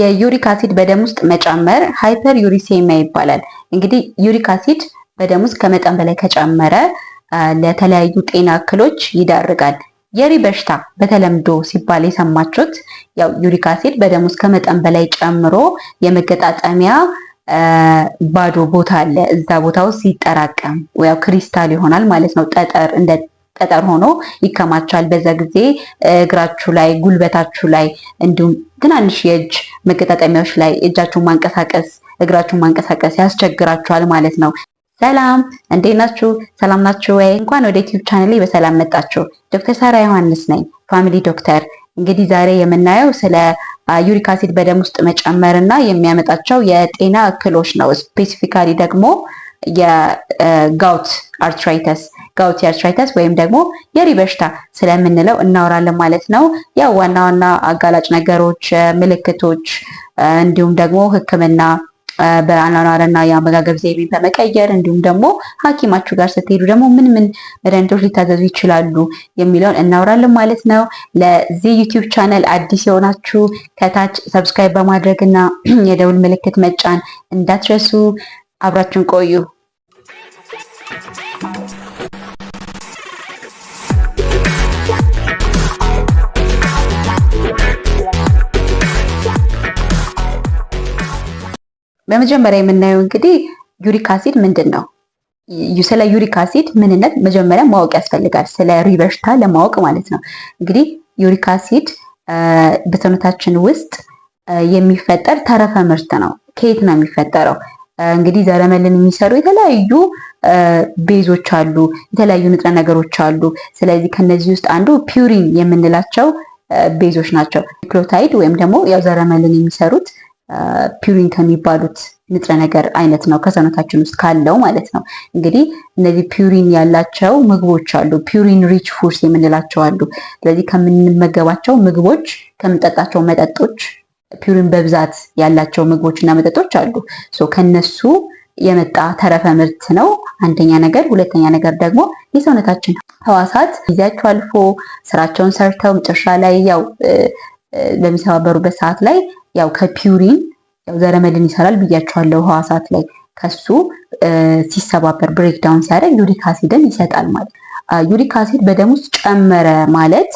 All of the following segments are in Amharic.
የዩሪክ አሲድ በደም ውስጥ መጨመር ሃይፐር ዩሪሴሚያ ይባላል። እንግዲህ ዩሪክ አሲድ በደም ውስጥ ከመጠን በላይ ከጨመረ ለተለያዩ ጤና እክሎች ይዳርጋል። የሪ በሽታ በተለምዶ ሲባል የሰማችሁት ያው ዩሪክ አሲድ በደም ውስጥ ከመጠን በላይ ጨምሮ የመገጣጠሚያ ባዶ ቦታ አለ። እዛ ቦታ ውስጥ ሲጠራቀም ያው ክሪስታል ይሆናል ማለት ነው። ጠጠር እንደ ጠጠር ሆኖ ይከማቻል። በዛ ጊዜ እግራችሁ ላይ፣ ጉልበታችሁ ላይ እንዲሁም ትናንሽ የእጅ መገጣጠሚያዎች ላይ እጃችሁን ማንቀሳቀስ፣ እግራችሁን ማንቀሳቀስ ያስቸግራችኋል ማለት ነው። ሰላም እንዴት ናችሁ? ሰላም ናችሁ ወይ? እንኳን ወደ ዩቲዩብ ቻናሌ በሰላም መጣችሁ። ዶክተር ሳራ ዮሐንስ ነኝ፣ ፋሚሊ ዶክተር። እንግዲህ ዛሬ የምናየው ስለ ዩሪክ አሲድ በደም ውስጥ መጨመር እና የሚያመጣቸው የጤና እክሎች ነው። ስፔሲፊካሊ ደግሞ የጋውት አርትራይተስ ጋውቲ አርትራይተስ ወይም ደግሞ የሪ በሽታ ስለምንለው እናወራለን ማለት ነው። ያው ዋና ዋና አጋላጭ ነገሮች፣ ምልክቶች እንዲሁም ደግሞ ሕክምና በአኗኗርና የአመጋገብ ዘይቤ በመቀየር እንዲሁም ደግሞ ሐኪማችሁ ጋር ስትሄዱ ደግሞ ምን ምን መድኃኒቶች ሊታዘዙ ይችላሉ የሚለውን እናወራለን ማለት ነው። ለዚህ ዩቲዩብ ቻናል አዲስ የሆናችሁ ከታች ሰብስክራይብ በማድረግ እና የደውል ምልክት መጫን እንዳትረሱ። አብራችን ቆዩ። በመጀመሪያ የምናየው እንግዲህ ዩሪክ አሲድ ምንድን ነው? ስለ ዩሪክ አሲድ ምንነት መጀመሪያ ማወቅ ያስፈልጋል። ስለ በሽታ ለማወቅ ማለት ነው። እንግዲህ ዩሪክ አሲድ በሰውነታችን ውስጥ የሚፈጠር ተረፈ ምርት ነው። ከየት ነው የሚፈጠረው? እንግዲህ ዘረመልን የሚሰሩ የተለያዩ ቤዞች አሉ፣ የተለያዩ ንጥረ ነገሮች አሉ። ስለዚህ ከነዚህ ውስጥ አንዱ ፒውሪን የምንላቸው ቤዞች ናቸው። ኒክሎታይድ ወይም ደግሞ ያው ዘረመልን የሚሰሩት ፒሪን ከሚባሉት ንጥረ ነገር አይነት ነው ከሰውነታችን ውስጥ ካለው ማለት ነው። እንግዲህ እነዚህ ፒሪን ያላቸው ምግቦች አሉ። ፒሪን ሪች ፉድስ የምንላቸው አሉ። ስለዚህ ከምንመገባቸው ምግቦች፣ ከምንጠጣቸው መጠጦች ፒሪን በብዛት ያላቸው ምግቦች እና መጠጦች አሉ። ከነሱ የመጣ ተረፈ ምርት ነው። አንደኛ ነገር። ሁለተኛ ነገር ደግሞ የሰውነታችን ህዋሳት ጊዜያቸው አልፎ ስራቸውን ሰርተው መጨረሻ ላይ ያው በሚሰባበሩበት ሰዓት ላይ ያው ከፒውሪን ያው ዘረመልን ይሰራል ብያቸዋለሁ ህዋሳት ላይ ከሱ ሲሰባበር ብሬክዳውን ሲያደርግ ዩሪክ አሲድን ይሰጣል ማለት ዩሪክ አሲድ በደም ውስጥ ጨመረ ማለት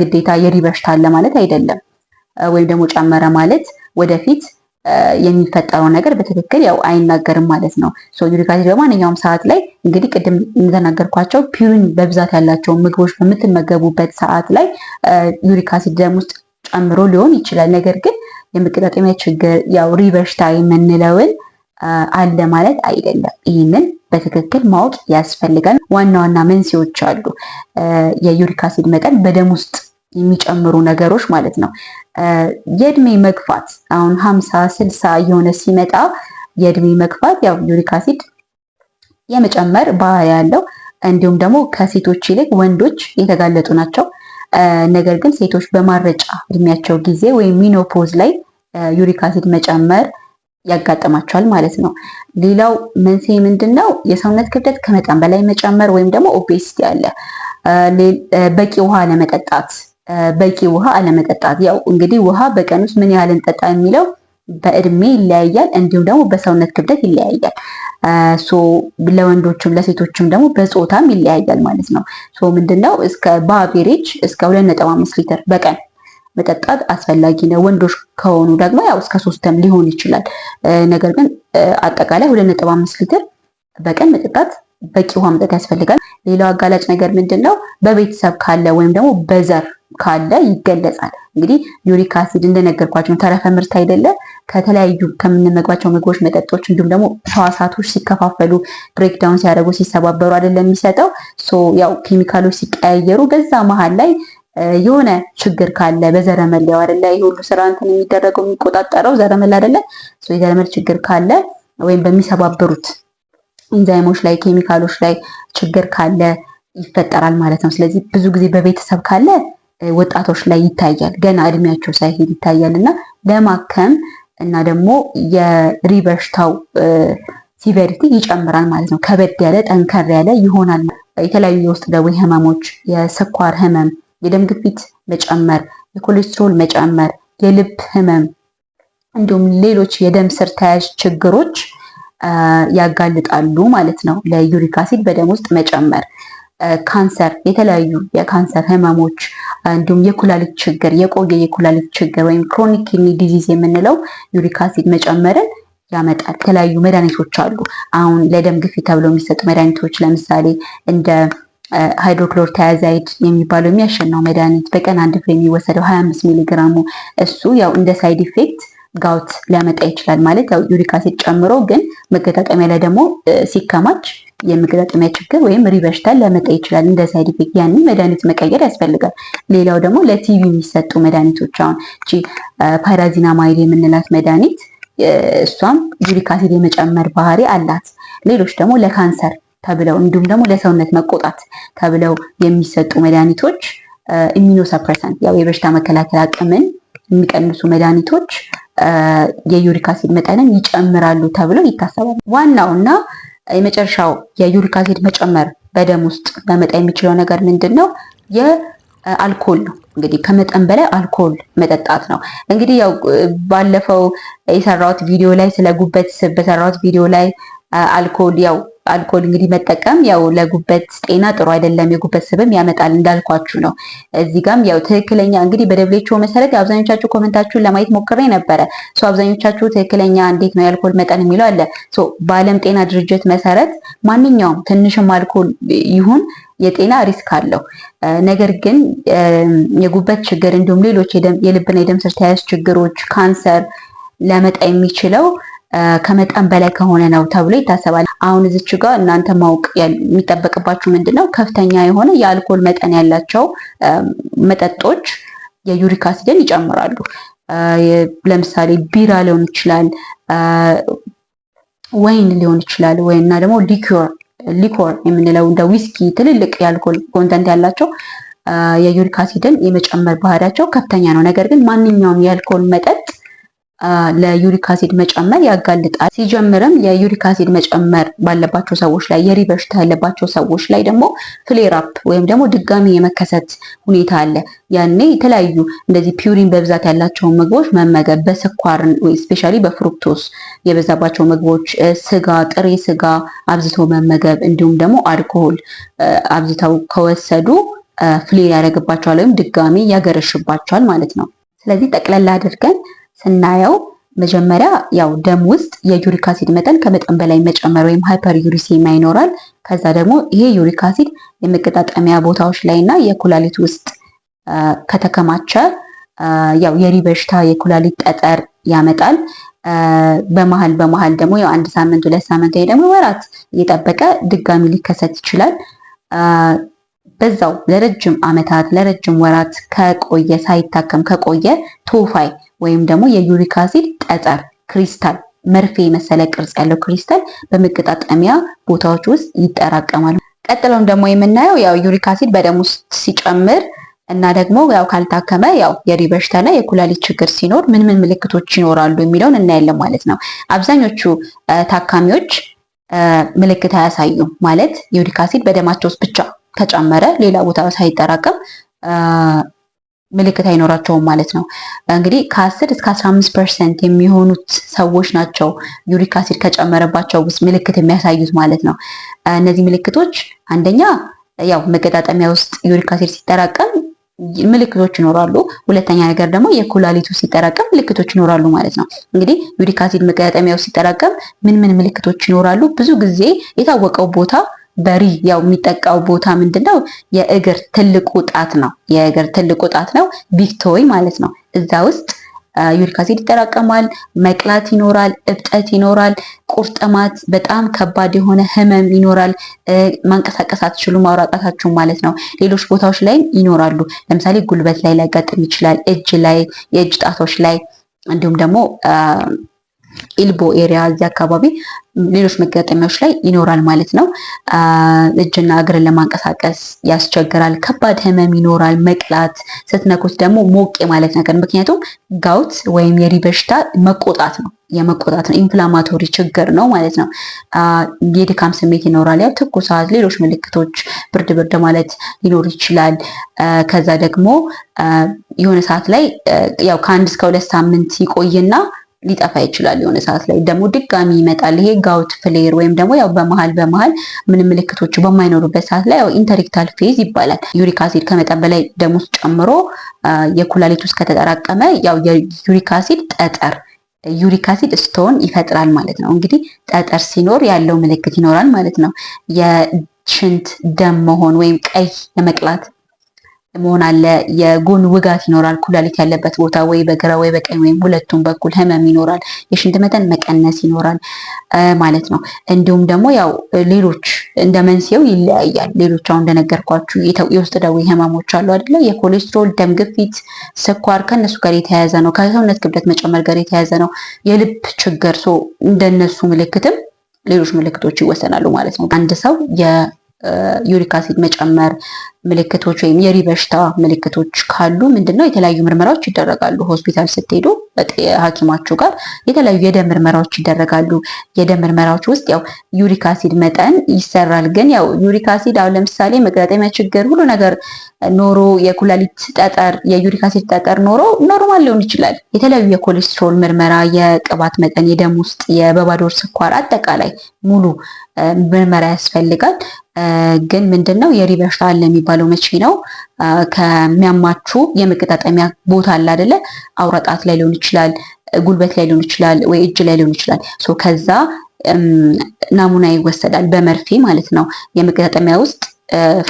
ግዴታ የሪበሽታለ ማለት አይደለም። ወይም ደግሞ ጨመረ ማለት ወደፊት የሚፈጠረው ነገር በትክክል ያው አይናገርም ማለት ነው። ዩሪክ አሲድ በማንኛውም ሰዓት ላይ እንግዲህ ቅድም እንደተናገርኳቸው ፒሪን በብዛት ያላቸው ምግቦች በምትመገቡበት ሰዓት ላይ ዩሪክ አሲድ ደም ውስጥ ጨምሮ ሊሆን ይችላል። ነገር ግን የመገጣጠሚያ ችግር ያው ሪበሽታ የምንለውን አለ ማለት አይደለም። ይህንን በትክክል ማወቅ ያስፈልጋል። ዋና ዋና መንስኤዎች አሉ፣ የዩሪክ አሲድ መጠን በደም ውስጥ የሚጨምሩ ነገሮች ማለት ነው። የእድሜ መግፋት አሁን ሀምሳ ስልሳ እየሆነ ሲመጣ የእድሜ መግፋት ያው ዩሪክ አሲድ የመጨመር ባህሪ ያለው እንዲሁም ደግሞ ከሴቶች ይልቅ ወንዶች የተጋለጡ ናቸው። ነገር ግን ሴቶች በማረጫ እድሜያቸው ጊዜ ወይም ሚኖፖዝ ላይ ዩሪክ አሲድ መጨመር ያጋጥማቸዋል ማለት ነው። ሌላው መንስኤ ምንድን ነው? የሰውነት ክብደት ከመጠን በላይ መጨመር ወይም ደግሞ ኦቤሲቲ አለ። በቂ ውሃ ለመጠጣት በቂ ውሃ አለመጠጣት። ያው እንግዲህ ውሃ በቀን ውስጥ ምን ያህል እንጠጣ የሚለው በእድሜ ይለያያል፣ እንዲሁም ደግሞ በሰውነት ክብደት ይለያያል። ለወንዶችም ለሴቶችም ደግሞ በፆታም ይለያያል ማለት ነው። ምንድነው እስከ በአቬሬጅ እስከ ሁለት ነጥብ አምስት ሊትር በቀን መጠጣት አስፈላጊ ነው። ወንዶች ከሆኑ ደግሞ ያው እስከ ሶስትም ሊሆን ይችላል። ነገር ግን አጠቃላይ ሁለት ነጥብ አምስት ሊትር በቀን መጠጣት በቂ ውሃ መጠጣት ያስፈልጋል። ሌላው አጋላጭ ነገር ምንድን ነው? በቤተሰብ ካለ ወይም ደግሞ በዘር ካለ ይገለጻል። እንግዲህ ዩሪክ አሲድ እንደነገርኳቸው ተረፈ ምርት አይደለ ከተለያዩ ከምንመግባቸው ምግቦች፣ መጠጦች እንዲሁም ደግሞ ህዋሳቶች ሲከፋፈሉ ብሬክዳውን ሲያደርጉ ሲሰባበሩ አይደለም የሚሰጠው ያው ኬሚካሎች ሲቀያየሩ በዛ መሀል ላይ የሆነ ችግር ካለ በዘረመላው አይደለ ይሄ ስራ እንትን የሚደረገው የሚቆጣጠረው ዘረመላ አይደለ የዘረመል ችግር ካለ ወይም በሚሰባበሩት ኢንዛይሞች ላይ ኬሚካሎች ላይ ችግር ካለ ይፈጠራል ማለት ነው። ስለዚህ ብዙ ጊዜ በቤተሰብ ካለ ወጣቶች ላይ ይታያል። ገና እድሜያቸው ሳይሄድ ይታያል እና ለማከም እና ደግሞ የሪበሽታው ሲቨሪቲ ይጨምራል ማለት ነው። ከበድ ያለ ጠንከር ያለ ይሆናል። የተለያዩ የውስጥ ደዌ ህመሞች፣ የስኳር ህመም፣ የደም ግፊት መጨመር፣ የኮሌስትሮል መጨመር፣ የልብ ህመም እንዲሁም ሌሎች የደም ስር ተያዥ ችግሮች ያጋልጣሉ ማለት ነው። ለዩሪክ አሲድ በደም ውስጥ መጨመር ካንሰር፣ የተለያዩ የካንሰር ህመሞች እንዲሁም የኩላሊት ችግር፣ የቆየ የኩላሊት ችግር ወይም ክሮኒክ ኪድኒ ዲዚዝ የምንለው ዩሪክ አሲድ መጨመርን ያመጣል። የተለያዩ መድኃኒቶች አሉ። አሁን ለደም ግፊት ተብሎ የሚሰጡ መድኃኒቶች ለምሳሌ እንደ ሃይድሮክሎር ታያዛይድ የሚባለው የሚያሸናው መድኃኒት በቀን አንድ ፍሬ የሚወሰደው 25 ሚሊግራሙ እሱ ያው እንደ ሳይድ ኢፌክት ጋውት ሊያመጣ ይችላል። ማለት ያው ዩሪክ አሲድ ጨምሮ ግን መገጣጠሚያ ላይ ደግሞ ሲከማች የመገጣጠሚያ ችግር ወይም ሪበሽታ ሊያመጣ ይችላል እንደ ሳይድ ኢፌክት። ያንን መድኃኒት መቀየር ያስፈልጋል። ሌላው ደግሞ ለቲቪ የሚሰጡ መድኃኒቶች አሁን እቺ ፓይራዚናማይድ የምንላት መድኃኒት እሷም ዩሪክ አሲድ የመጨመር ባህሪ አላት። ሌሎች ደግሞ ለካንሰር ተብለው እንዲሁም ደግሞ ለሰውነት መቆጣት ተብለው የሚሰጡ መድኃኒቶች ኢሚኖ ያው የበሽታ መከላከል አቅምን የሚቀንሱ መድኃኒቶች የዩሪክ አሲድ መጠንን ይጨምራሉ ተብሎ ይታሰባል። ዋናው እና የመጨረሻው የዩሪክ አሲድ መጨመር በደም ውስጥ ሊያመጣ የሚችለው ነገር ምንድን ነው? የአልኮል ነው። እንግዲህ ከመጠን በላይ አልኮል መጠጣት ነው። እንግዲህ ያው ባለፈው የሰራሁት ቪዲዮ ላይ ስለ ጉበት ስብ በሰራሁት ቪዲዮ ላይ አልኮል ያው አልኮል እንግዲህ መጠቀም ያው ለጉበት ጤና ጥሩ አይደለም፣ የጉበት ስብም ያመጣል እንዳልኳችሁ ነው። እዚህ ጋም ያው ትክክለኛ እንግዲህ በደብሌቾ መሰረት አብዛኞቻችሁ ኮመንታችሁን ለማየት ሞክሬ ነበረ። አብዛኞቻችሁ ትክክለኛ እንዴት ነው የአልኮል መጠን የሚለው አለ። በዓለም ጤና ድርጅት መሰረት ማንኛውም ትንሽም አልኮል ይሁን የጤና ሪስክ አለው። ነገር ግን የጉበት ችግር እንዲሁም ሌሎች የልብና የደም ስር ተያያዥ ችግሮች፣ ካንሰር ለመጣ የሚችለው ከመጠን በላይ ከሆነ ነው ተብሎ ይታሰባል። አሁን እዚች ጋ እናንተ ማወቅ የሚጠበቅባችሁ ምንድን ነው? ከፍተኛ የሆነ የአልኮል መጠን ያላቸው መጠጦች የዩሪክ አሲድን ይጨምራሉ። ለምሳሌ ቢራ ሊሆን ይችላል፣ ወይን ሊሆን ይችላል፣ ወይና ደግሞ ሊኮር ሊኮር የምንለው እንደ ዊስኪ ትልልቅ የአልኮል ኮንተንት ያላቸው የዩሪክ አሲድን የመጨመር ባህሪያቸው ከፍተኛ ነው። ነገር ግን ማንኛውም የአልኮል መጠን ለዩሪክ አሲድ መጨመር ያጋልጣል። ሲጀምርም የዩሪክ አሲድ መጨመር ባለባቸው ሰዎች ላይ የሪህ በሽታ ያለባቸው ሰዎች ላይ ደግሞ ፍሌራፕ ወይም ደግሞ ድጋሚ የመከሰት ሁኔታ አለ። ያኔ የተለያዩ እንደዚህ ፒውሪን በብዛት ያላቸውን ምግቦች መመገብ በስኳር ስፔሻሊ በፍሩክቶስ የበዛባቸው ምግቦች፣ ስጋ፣ ጥሬ ስጋ አብዝቶ መመገብ እንዲሁም ደግሞ አልኮሆል አብዝተው ከወሰዱ ፍሌር ያደረግባቸዋል ወይም ድጋሚ ያገረሽባቸዋል ማለት ነው። ስለዚህ ጠቅለላ አድርገን ስናየው መጀመሪያ ያው ደም ውስጥ የዩሪክ አሲድ መጠን ከመጠን በላይ መጨመር ወይም ሃይፐር ዩሪሴሚያ ይኖራል። ከዛ ደግሞ ይሄ ዩሪክ አሲድ የመቀጣጠሚያ ቦታዎች ላይ እና የኩላሊት ውስጥ ከተከማቸ ያው የሪ በሽታ፣ የኩላሊት ጠጠር ያመጣል። በመሀል በመሀል ደግሞ ያው አንድ ሳምንት ሁለት ሳምንት ወይ ደግሞ ወራት እየጠበቀ ድጋሚ ሊከሰት ይችላል። በዛው ለረጅም አመታት ለረጅም ወራት ከቆየ ሳይታከም ከቆየ ቶፋይ ወይም ደግሞ የዩሪክ አሲድ ጠጠር ክሪስታል መርፌ የመሰለ ቅርጽ ያለው ክሪስታል በመገጣጠሚያ ቦታዎች ውስጥ ይጠራቀማል። ቀጥለውም ደግሞ የምናየው ያው ዩሪክ አሲድ በደም ውስጥ ሲጨምር እና ደግሞ ያው ካልታከመ ያው የሪ በሽታና የኩላሊት ችግር ሲኖር ምን ምን ምልክቶች ይኖራሉ የሚለውን እናያለን ማለት ነው። አብዛኞቹ ታካሚዎች ምልክት አያሳዩም። ማለት ዩሪክ አሲድ በደማቸው ውስጥ ብቻ ከጨመረ ሌላ ቦታ ሳይጠራቀም ምልክት አይኖራቸውም ማለት ነው። እንግዲህ ከ10 እስከ 15 ፐርሰንት የሚሆኑት ሰዎች ናቸው ዩሪክ አሲድ ከጨመረባቸው ውስጥ ምልክት የሚያሳዩት ማለት ነው። እነዚህ ምልክቶች አንደኛ ያው መገጣጠሚያ ውስጥ ዩሪክ አሲድ ሲጠራቀም ምልክቶች ይኖራሉ። ሁለተኛ ነገር ደግሞ የኩላሊቱ ሲጠራቀም ምልክቶች ይኖራሉ ማለት ነው። እንግዲህ ዩሪክ አሲድ መገጣጠሚያ ሲጠራቀም ምን ምን ምልክቶች ይኖራሉ? ብዙ ጊዜ የታወቀው ቦታ በሪ ያው የሚጠቃው ቦታ ምንድን ነው? የእግር ትልቁ ጣት ነው። የእግር ትልቁ ጣት ነው ቢክቶይ ማለት ነው። እዛ ውስጥ ዩሪክ አሲድ ይጠራቀማል። መቅላት ይኖራል፣ እብጠት ይኖራል፣ ቁርጥማት፣ በጣም ከባድ የሆነ ህመም ይኖራል። ማንቀሳቀስ አትችሉም፣ ማውራጣታችሁ ማለት ነው። ሌሎች ቦታዎች ላይም ይኖራሉ። ለምሳሌ ጉልበት ላይ ሊያጋጥም ይችላል፣ እጅ ላይ፣ የእጅ ጣቶች ላይ እንዲሁም ደግሞ ኢልቦ ኤሪያ እዚህ አካባቢ ሌሎች መጋጠሚያዎች ላይ ይኖራል ማለት ነው። እጅና እግርን ለማንቀሳቀስ ያስቸግራል። ከባድ ህመም ይኖራል። መቅላት፣ ስትነኩት ደግሞ ሞቅ የማለት ነገር ምክንያቱም ጋውት ወይም የሪ በሽታ መቆጣት ነው የመቆጣት ነው ኢንፍላማቶሪ ችግር ነው ማለት ነው። የድካም ስሜት ይኖራል። ያው ትኩሳት፣ ሌሎች ምልክቶች ብርድ ብርድ ማለት ሊኖር ይችላል። ከዛ ደግሞ የሆነ ሰዓት ላይ ያው ከአንድ እስከ ሁለት ሳምንት ይቆይና ሊጠፋ ይችላል። የሆነ ሰዓት ላይ ደግሞ ድጋሚ ይመጣል። ይሄ ጋውት ፍሌር ወይም ደግሞ ያው በመሀል በመሀል ምንም ምልክቶቹ በማይኖሩበት ሰዓት ላይ ያው ኢንተሪክታል ፌዝ ይባላል። ዩሪክ አሲድ ከመጠን በላይ ደም ውስጥ ጨምሮ የኩላሊት ውስጥ ከተጠራቀመ ያው የዩሪክ አሲድ ጠጠር ዩሪክ አሲድ ስቶን ይፈጥራል ማለት ነው። እንግዲህ ጠጠር ሲኖር ያለው ምልክት ይኖራል ማለት ነው። የሽንት ደም መሆን ወይም ቀይ የመቅላት መሆን አለ። የጎን ውጋት ይኖራል። ኩላሊት ያለበት ቦታ ወይ በግራ ወይ በቀኝ ወይም ሁለቱም በኩል ህመም ይኖራል። የሽንት መጠን መቀነስ ይኖራል ማለት ነው። እንዲሁም ደግሞ ያው ሌሎች እንደ መንስኤው ይለያያል። ሌሎች አሁን እንደነገርኳችሁ የውስጥ ደዌ ህመሞች አሉ አይደለ? የኮሌስትሮል፣ ደም ግፊት፣ ስኳር ከእነሱ ጋር የተያያዘ ነው። ከሰውነት ክብደት መጨመር ጋር የተያያዘ ነው። የልብ ችግር እንደነሱ ምልክትም ሌሎች ምልክቶች ይወሰናሉ ማለት ነው። አንድ ሰው ዩሪክ አሲድ መጨመር ምልክቶች ወይም የሪ በሽታ ምልክቶች ካሉ ምንድነው የተለያዩ ምርመራዎች ይደረጋሉ። ሆስፒታል ስትሄዱ ሐኪማችሁ ጋር የተለያዩ የደም ምርመራዎች ይደረጋሉ። የደም ምርመራዎች ውስጥ ያው ዩሪክ አሲድ መጠን ይሰራል። ግን ያው ዩሪክ አሲድ አሁን ለምሳሌ መገጣጠሚያ ችግር ሁሉ ነገር ኖሮ የኩላሊት ጠጠር የዩሪክ አሲድ ጠጠር ኖሮ ኖርማል ሊሆን ይችላል። የተለያዩ የኮሌስትሮል ምርመራ፣ የቅባት መጠን፣ የደም ውስጥ የበባዶር ስኳር አጠቃላይ ሙሉ ምርመራ ያስፈልጋል። ግን ምንድን ነው የሪቨርሳል የሚባለው መቼ ነው? ከሚያማቹ የመገጣጠሚያ ቦታ አለ አይደለ? አውራጣት ላይ ሊሆን ይችላል፣ ጉልበት ላይ ሊሆን ይችላል፣ ወይ እጅ ላይ ሊሆን ይችላል። ከዛ ናሙና ይወሰዳል በመርፌ ማለት ነው። የመገጣጠሚያ ውስጥ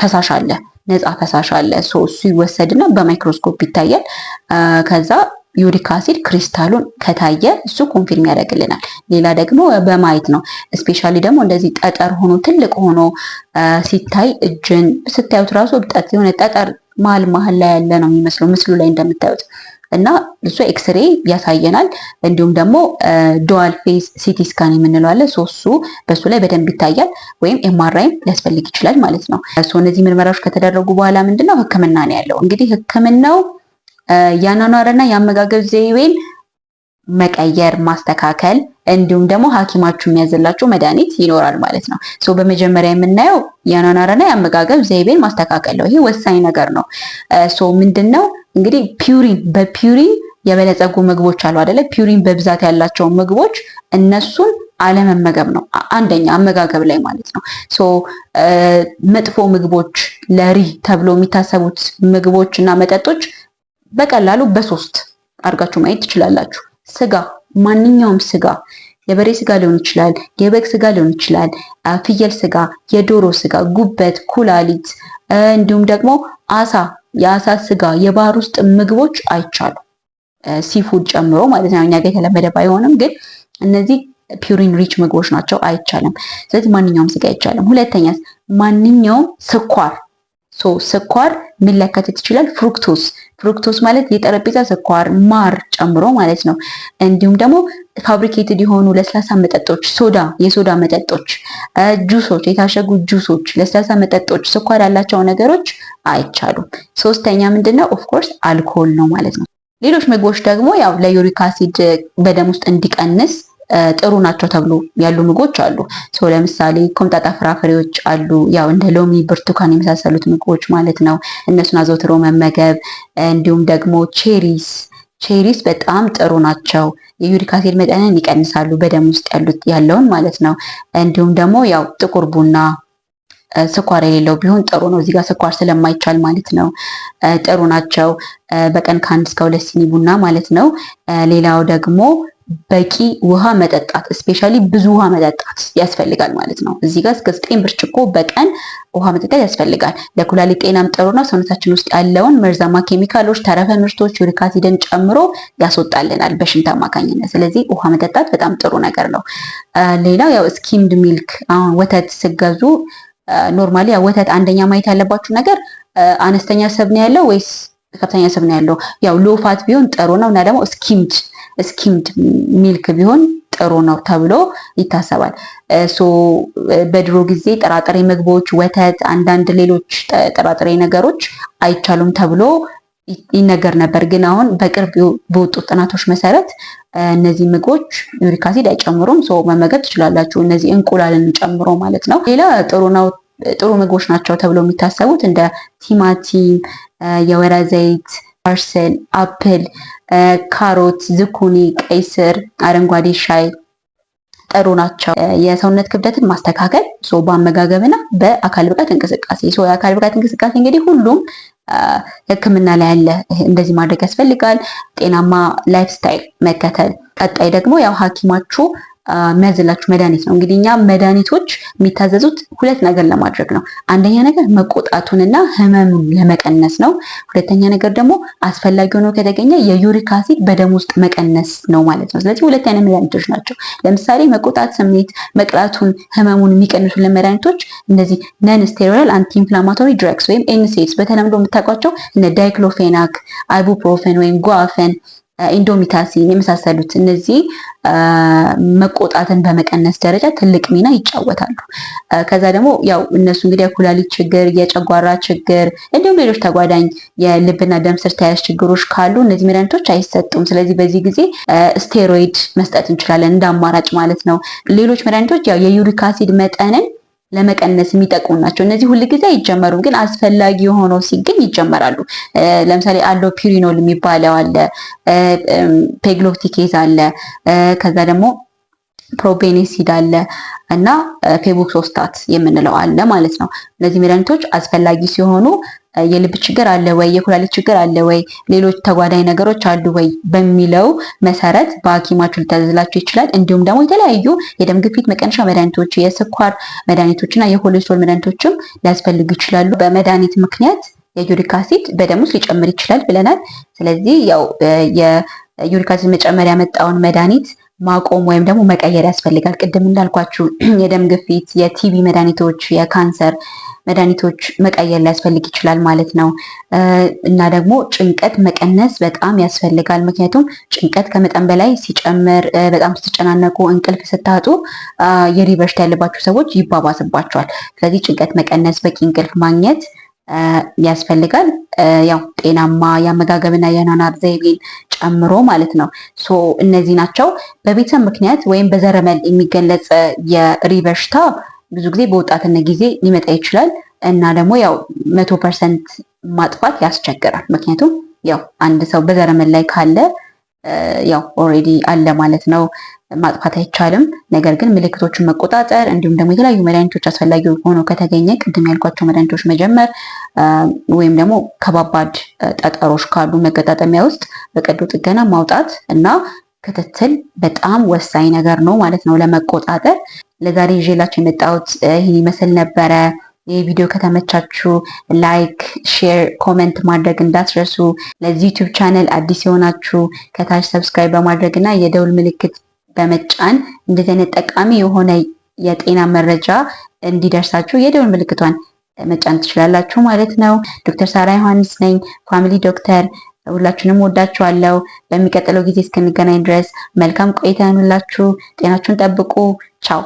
ፈሳሽ አለ ነፃ ፈሳሽ አለ። እሱ ይወሰድና በማይክሮስኮፕ ይታያል። ከዛ ዩሪክ አሲድ ክሪስታሉን ከታየ እሱ ኮንፊርም ያደርግልናል። ሌላ ደግሞ በማየት ነው። እስፔሻሊ ደግሞ እንደዚህ ጠጠር ሆኖ ትልቅ ሆኖ ሲታይ እጅን ስታዩት ራሱ የሆነ ጠጠር መሀል መሀል ላይ ያለ ነው የሚመስለው ምስሉ ላይ እንደምታዩት እና እሱ ኤክስሬ ያሳየናል። እንዲሁም ደግሞ ዱዋል ፌስ ሲቲ ስካን የምንለው አለ። ሶሱ በሱ ላይ በደንብ ይታያል። ወይም ኤምአርአይም ሊያስፈልግ ይችላል ማለት ነው። እነዚህ ምርመራዎች ከተደረጉ በኋላ ምንድነው ህክምና ነው ያለው። እንግዲህ ህክምናው የአኗኗርና የአመጋገብ ዘይቤን መቀየር ማስተካከል እንዲሁም ደግሞ ሐኪማችሁ የሚያዝላችሁ መድኃኒት ይኖራል ማለት ነው። ሶ በመጀመሪያ የምናየው የአኗኗርና የአመጋገብ ዘይቤን ማስተካከል ነው። ይሄ ወሳኝ ነገር ነው። ሶ ምንድን ነው እንግዲህ ፒውሪን በፒውሪን የበለጸጉ ምግቦች አሉ አደለ? ፒውሪን በብዛት ያላቸው ምግቦች እነሱን አለመመገብ ነው። አንደኛ አመጋገብ ላይ ማለት ነው። ሶ መጥፎ ምግቦች ለሪ ተብሎ የሚታሰቡት ምግቦች እና መጠጦች በቀላሉ በሶስት አድርጋችሁ ማየት ትችላላችሁ። ስጋ ማንኛውም ስጋ የበሬ ስጋ ሊሆን ይችላል፣ የበግ ስጋ ሊሆን ይችላል፣ ፍየል ስጋ፣ የዶሮ ስጋ፣ ጉበት፣ ኩላሊት እንዲሁም ደግሞ አሳ፣ የአሳ ስጋ፣ የባህር ውስጥ ምግቦች አይቻሉ ሲፉድ ጨምሮ ማለት ነው። እኛ ጋር የተለመደ ባይሆንም ግን እነዚህ ፒሪን ሪች ምግቦች ናቸው፣ አይቻልም። ስለዚህ ማንኛውም ስጋ አይቻልም። ሁለተኛ ማንኛውም ስኳር ሶ ስኳር ምን ሊያካትት ይችላል? ፍሩክቶስ ፍሩክቶስ ማለት የጠረጴዛ ስኳር፣ ማር ጨምሮ ማለት ነው። እንዲሁም ደግሞ ፋብሪኬትድ የሆኑ ለስላሳ መጠጦች፣ ሶዳ፣ የሶዳ መጠጦች፣ ጁሶች፣ የታሸጉ ጁሶች፣ ለስላሳ መጠጦች ስኳር ያላቸው ነገሮች አይቻሉም። ሶስተኛ ምንድነው? ኦፍኮርስ አልኮል ነው ማለት ነው። ሌሎች ምግቦች ደግሞ ያው ለዩሪክ አሲድ በደም ውስጥ እንዲቀንስ ጥሩ ናቸው ተብሎ ያሉ ምግቦች አሉ። ለምሳሌ ኮምጣጣ ፍራፍሬዎች አሉ። ያው እንደ ሎሚ፣ ብርቱካን የመሳሰሉት ምግቦች ማለት ነው። እነሱን አዘውትሮ መመገብ እንዲሁም ደግሞ ቼሪስ ቼሪስ በጣም ጥሩ ናቸው። የዩሪክ አሲድ መጠንን ይቀንሳሉ፣ በደም ውስጥ ያሉት ያለውን ማለት ነው። እንዲሁም ደግሞ ያው ጥቁር ቡና ስኳር የሌለው ቢሆን ጥሩ ነው። እዚጋ ስኳር ስለማይቻል ማለት ነው። ጥሩ ናቸው። በቀን ከአንድ እስከ ሁለት ሲኒ ቡና ማለት ነው። ሌላው ደግሞ በቂ ውሃ መጠጣት እስፔሻሊ ብዙ ውሃ መጠጣት ያስፈልጋል ማለት ነው። እዚህ ጋር እስከ ዘጠኝ ብርጭቆ በቀን ውሃ መጠጣት ያስፈልጋል። ለኩላሊት ጤናም ጥሩ ነው። ሰውነታችን ውስጥ ያለውን መርዛማ ኬሚካሎች፣ ተረፈ ምርቶች፣ ዩሪክ አሲድን ጨምሮ ያስወጣልናል በሽንት አማካኝነት። ስለዚህ ውሃ መጠጣት በጣም ጥሩ ነገር ነው። ሌላው ያው ስኪምድ ሚልክ አሁን ወተት ስገዙ ኖርማሊ ወተት አንደኛ ማየት ያለባችሁ ነገር አነስተኛ ሰብ ነው ያለው ወይስ ከፍተኛ ሰብ ነው ያለው። ያው ሎፋት ቢሆን ጥሩ ነው እና ደግሞ ስኪምድ ስኪምድ ሚልክ ቢሆን ጥሩ ነው ተብሎ ይታሰባል። በድሮ ጊዜ ጥራጥሬ ምግቦች፣ ወተት፣ አንዳንድ ሌሎች ጥራጥሬ ነገሮች አይቻሉም ተብሎ ይነገር ነበር። ግን አሁን በቅርብ በወጡ ጥናቶች መሰረት እነዚህ ምግቦች ዩሪክ አሲድ አይጨምሩም፣ ሰው መመገብ ትችላላችሁ። እነዚህ እንቁላልን ጨምሮ ማለት ነው። ሌላ ጥሩ ነው ጥሩ ምግቦች ናቸው ተብሎ የሚታሰቡት እንደ ቲማቲም፣ የወይራ ዘይት ፓርሰል፣ አፕል፣ ካሮት፣ ዝኩኒ፣ ቀይ ስር፣ አረንጓዴ ሻይ ጥሩ ናቸው። የሰውነት ክብደትን ማስተካከል በአመጋገብና በአካል ብቃት እንቅስቃሴ። የአካል ብቃት እንቅስቃሴ እንግዲህ ሁሉም ሕክምና ላይ ያለ እንደዚህ ማድረግ ያስፈልጋል። ጤናማ ላይፍ ስታይል መከተል። ቀጣይ ደግሞ ያው ሐኪማችሁ የሚያዝላችሁ መድኃኒት ነው። እንግዲህ እኛ መድኃኒቶች የሚታዘዙት ሁለት ነገር ለማድረግ ነው። አንደኛ ነገር መቆጣቱንና ህመሙን ለመቀነስ ነው። ሁለተኛ ነገር ደግሞ አስፈላጊ ሆኖ ከተገኘ የዩሪክ አሲድ በደም ውስጥ መቀነስ ነው ማለት ነው። ስለዚህ ሁለት አይነት መድኃኒቶች ናቸው። ለምሳሌ መቆጣት ስሜት መቅላቱን፣ ህመሙን የሚቀንሱልን መድኃኒቶች እነዚህ ነን ስቴሮይል አንቲ ኢንፍላማቶሪ ድረግስ ወይም ኤንሴስ በተለምዶ የምታውቋቸው እነ ዳይክሎፌናክ፣ አይቡፕሮፌን ወይም ጓፈን ኢንዶሚታሲን የመሳሰሉት እነዚህ መቆጣትን በመቀነስ ደረጃ ትልቅ ሚና ይጫወታሉ። ከዛ ደግሞ ያው እነሱ እንግዲህ የኩላሊት ችግር፣ የጨጓራ ችግር እንዲሁም ሌሎች ተጓዳኝ የልብና ደም ስር ተያያዥ ችግሮች ካሉ እነዚህ መድኃኒቶች አይሰጡም። ስለዚህ በዚህ ጊዜ ስቴሮይድ መስጠት እንችላለን እንደ አማራጭ ማለት ነው። ሌሎች መድኃኒቶች ያው የዩሪክ አሲድ መጠንን ለመቀነስ የሚጠቅሙ ናቸው። እነዚህ ጊዜ አይጀመሩም፣ ግን አስፈላጊ የሆነው ሲገኝ ይጀመራሉ። ለምሳሌ ፒሪኖል የሚባለው አለ፣ ፔግሎቲኬዝ አለ፣ ከዛ ደግሞ ፕሮቤኔሲድ አለ እና ፌቡክሶስታት የምንለው አለ ማለት ነው። እነዚህ መድኃኒቶች አስፈላጊ ሲሆኑ የልብ ችግር አለ ወይ፣ የኩላሊት ችግር አለ ወይ፣ ሌሎች ተጓዳኝ ነገሮች አሉ ወይ በሚለው መሰረት በሐኪማችሁ ሊታዘዝላችሁ ይችላል። እንዲሁም ደግሞ የተለያዩ የደም ግፊት መቀነሻ መድኃኒቶች፣ የስኳር መድኃኒቶችና የኮሌስትሮል መድኃኒቶችም ሊያስፈልጉ ይችላሉ። በመድኃኒት ምክንያት የዩሪክ አሲድ በደም ውስጥ ሊጨምር ይችላል ብለናል። ስለዚህ ያው የዩሪክ አሲድ መጨመር ያመጣውን መድኃኒት ማቆም ወይም ደግሞ መቀየር ያስፈልጋል። ቅድም እንዳልኳችሁ የደም ግፊት፣ የቲቪ መድኃኒቶች፣ የካንሰር መድኃኒቶች መቀየር ሊያስፈልግ ይችላል ማለት ነው። እና ደግሞ ጭንቀት መቀነስ በጣም ያስፈልጋል። ምክንያቱም ጭንቀት ከመጠን በላይ ሲጨምር፣ በጣም ስትጨናነቁ፣ እንቅልፍ ስታጡ የሪህ በሽታ ያለባቸው ሰዎች ይባባስባቸዋል። ስለዚህ ጭንቀት መቀነስ፣ በቂ እንቅልፍ ማግኘት ያስፈልጋል። ያው ጤናማ የአመጋገብና የአኗኗር ዘይቤን ጨምሮ ማለት ነው። ሶ እነዚህ ናቸው። በቤተሰብ ምክንያት ወይም በዘረመል የሚገለጽ የሪህ በሽታ ብዙ ጊዜ በወጣትነት ጊዜ ሊመጣ ይችላል እና ደግሞ ያው መቶ ፐርሰንት ማጥፋት ያስቸግራል። ምክንያቱም ያው አንድ ሰው በዘረመን ላይ ካለ ያው ኦልሬዲ አለ ማለት ነው፣ ማጥፋት አይቻልም። ነገር ግን ምልክቶችን መቆጣጠር እንዲሁም ደግሞ የተለያዩ መድኃኒቶች አስፈላጊ ሆነው ከተገኘ ቅድም ያልኳቸው መድኃኒቶች መጀመር ወይም ደግሞ ከባባድ ጠጠሮች ካሉ መገጣጠሚያ ውስጥ በቀዶ ጥገና ማውጣት እና ክትትል በጣም ወሳኝ ነገር ነው ማለት ነው ለመቆጣጠር ለዛሬ ይዤላችሁ የመጣሁት ይህን ይመስል ነበረ። ይህ ቪዲዮ ከተመቻችሁ ላይክ፣ ሼር፣ ኮመንት ማድረግ እንዳትረሱ። ለዚህ ዩቱብ ቻነል አዲስ የሆናችሁ ከታች ሰብስክራይብ በማድረግ እና የደውል ምልክት በመጫን እንደዚህ አይነት ጠቃሚ የሆነ የጤና መረጃ እንዲደርሳችሁ የደውል ምልክቷን መጫን ትችላላችሁ ማለት ነው። ዶክተር ሳራ ዮሐንስ ነኝ፣ ፋሚሊ ዶክተር። ሁላችሁንም ወዳችኋለሁ። በሚቀጥለው ጊዜ እስክንገናኝ ድረስ መልካም ቆይታ ይሁንላችሁ። ጤናችሁን ጠብቁ። ቻው